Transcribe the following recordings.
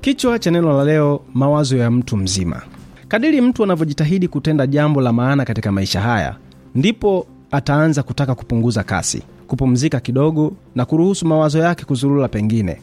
Kichwa cha neno la leo: mawazo ya mtu mzima. Kadiri mtu anavyojitahidi kutenda jambo la maana katika maisha haya, ndipo ataanza kutaka kupunguza kasi, kupumzika kidogo, na kuruhusu mawazo yake kuzurula, pengine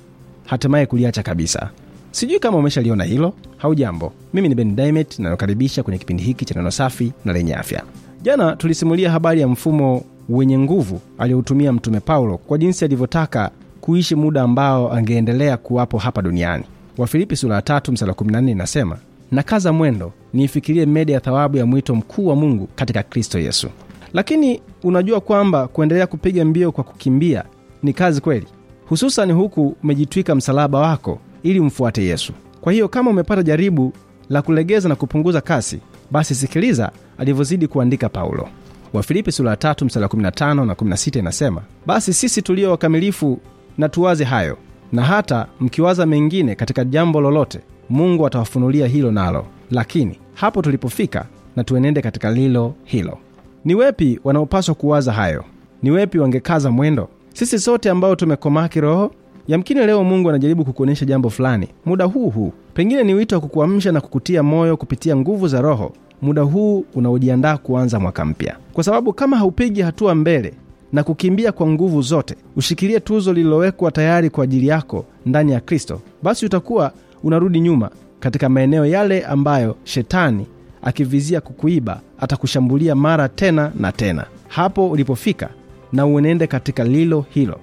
hatimaye kuliacha kabisa. Sijui kama umeshaliona hilo. Haujambo, mimi ni Ben Diamond nanayokaribisha kwenye kipindi hiki cha neno safi na lenye afya. Jana tulisimulia habari ya mfumo wenye nguvu aliyoutumia Mtume Paulo kwa jinsi alivyotaka kuishi muda ambao angeendelea kuwapo hapa duniani. Wafilipi sura ya tatu mstari wa 14 inasema, na kaza mwendo niifikirie mede ya thawabu ya mwito mkuu wa Mungu katika Kristo Yesu. Lakini unajua kwamba kuendelea kupiga mbio kwa kukimbia ni kazi kweli, hususani huku umejitwika msalaba wako ili umfuate Yesu. Kwa hiyo kama umepata jaribu la kulegeza na kupunguza kasi, basi sikiliza alivyozidi kuandika Paulo. Wafilipi sura ya tatu mstari wa 15 na 16 inasema, basi sisi tulio wakamilifu na tuwaze hayo na hata mkiwaza mengine katika jambo lolote, Mungu atawafunulia hilo nalo. Lakini hapo tulipofika, na tuenende katika lilo hilo. Ni wepi wanaopaswa kuwaza hayo? Ni wepi wangekaza mwendo? Sisi sote ambao tumekomaa kiroho Yamkini leo Mungu anajaribu kukuonyesha jambo fulani muda huu huu, pengine ni wito wa kukuamsha na kukutia moyo kupitia nguvu za Roho muda huu unaojiandaa kuanza mwaka mpya, kwa sababu kama haupigi hatua mbele, na kukimbia kwa nguvu zote, ushikilie tuzo lililowekwa tayari kwa ajili yako ndani ya Kristo, basi utakuwa unarudi nyuma katika maeneo yale ambayo shetani akivizia kukuiba atakushambulia mara tena na tena. Hapo ulipofika na uenende katika lilo hilo,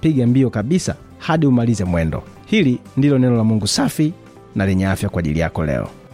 piga mbio kabisa hadi umalize mwendo. Hili ndilo neno la Mungu safi na lenye afya kwa ajili yako leo.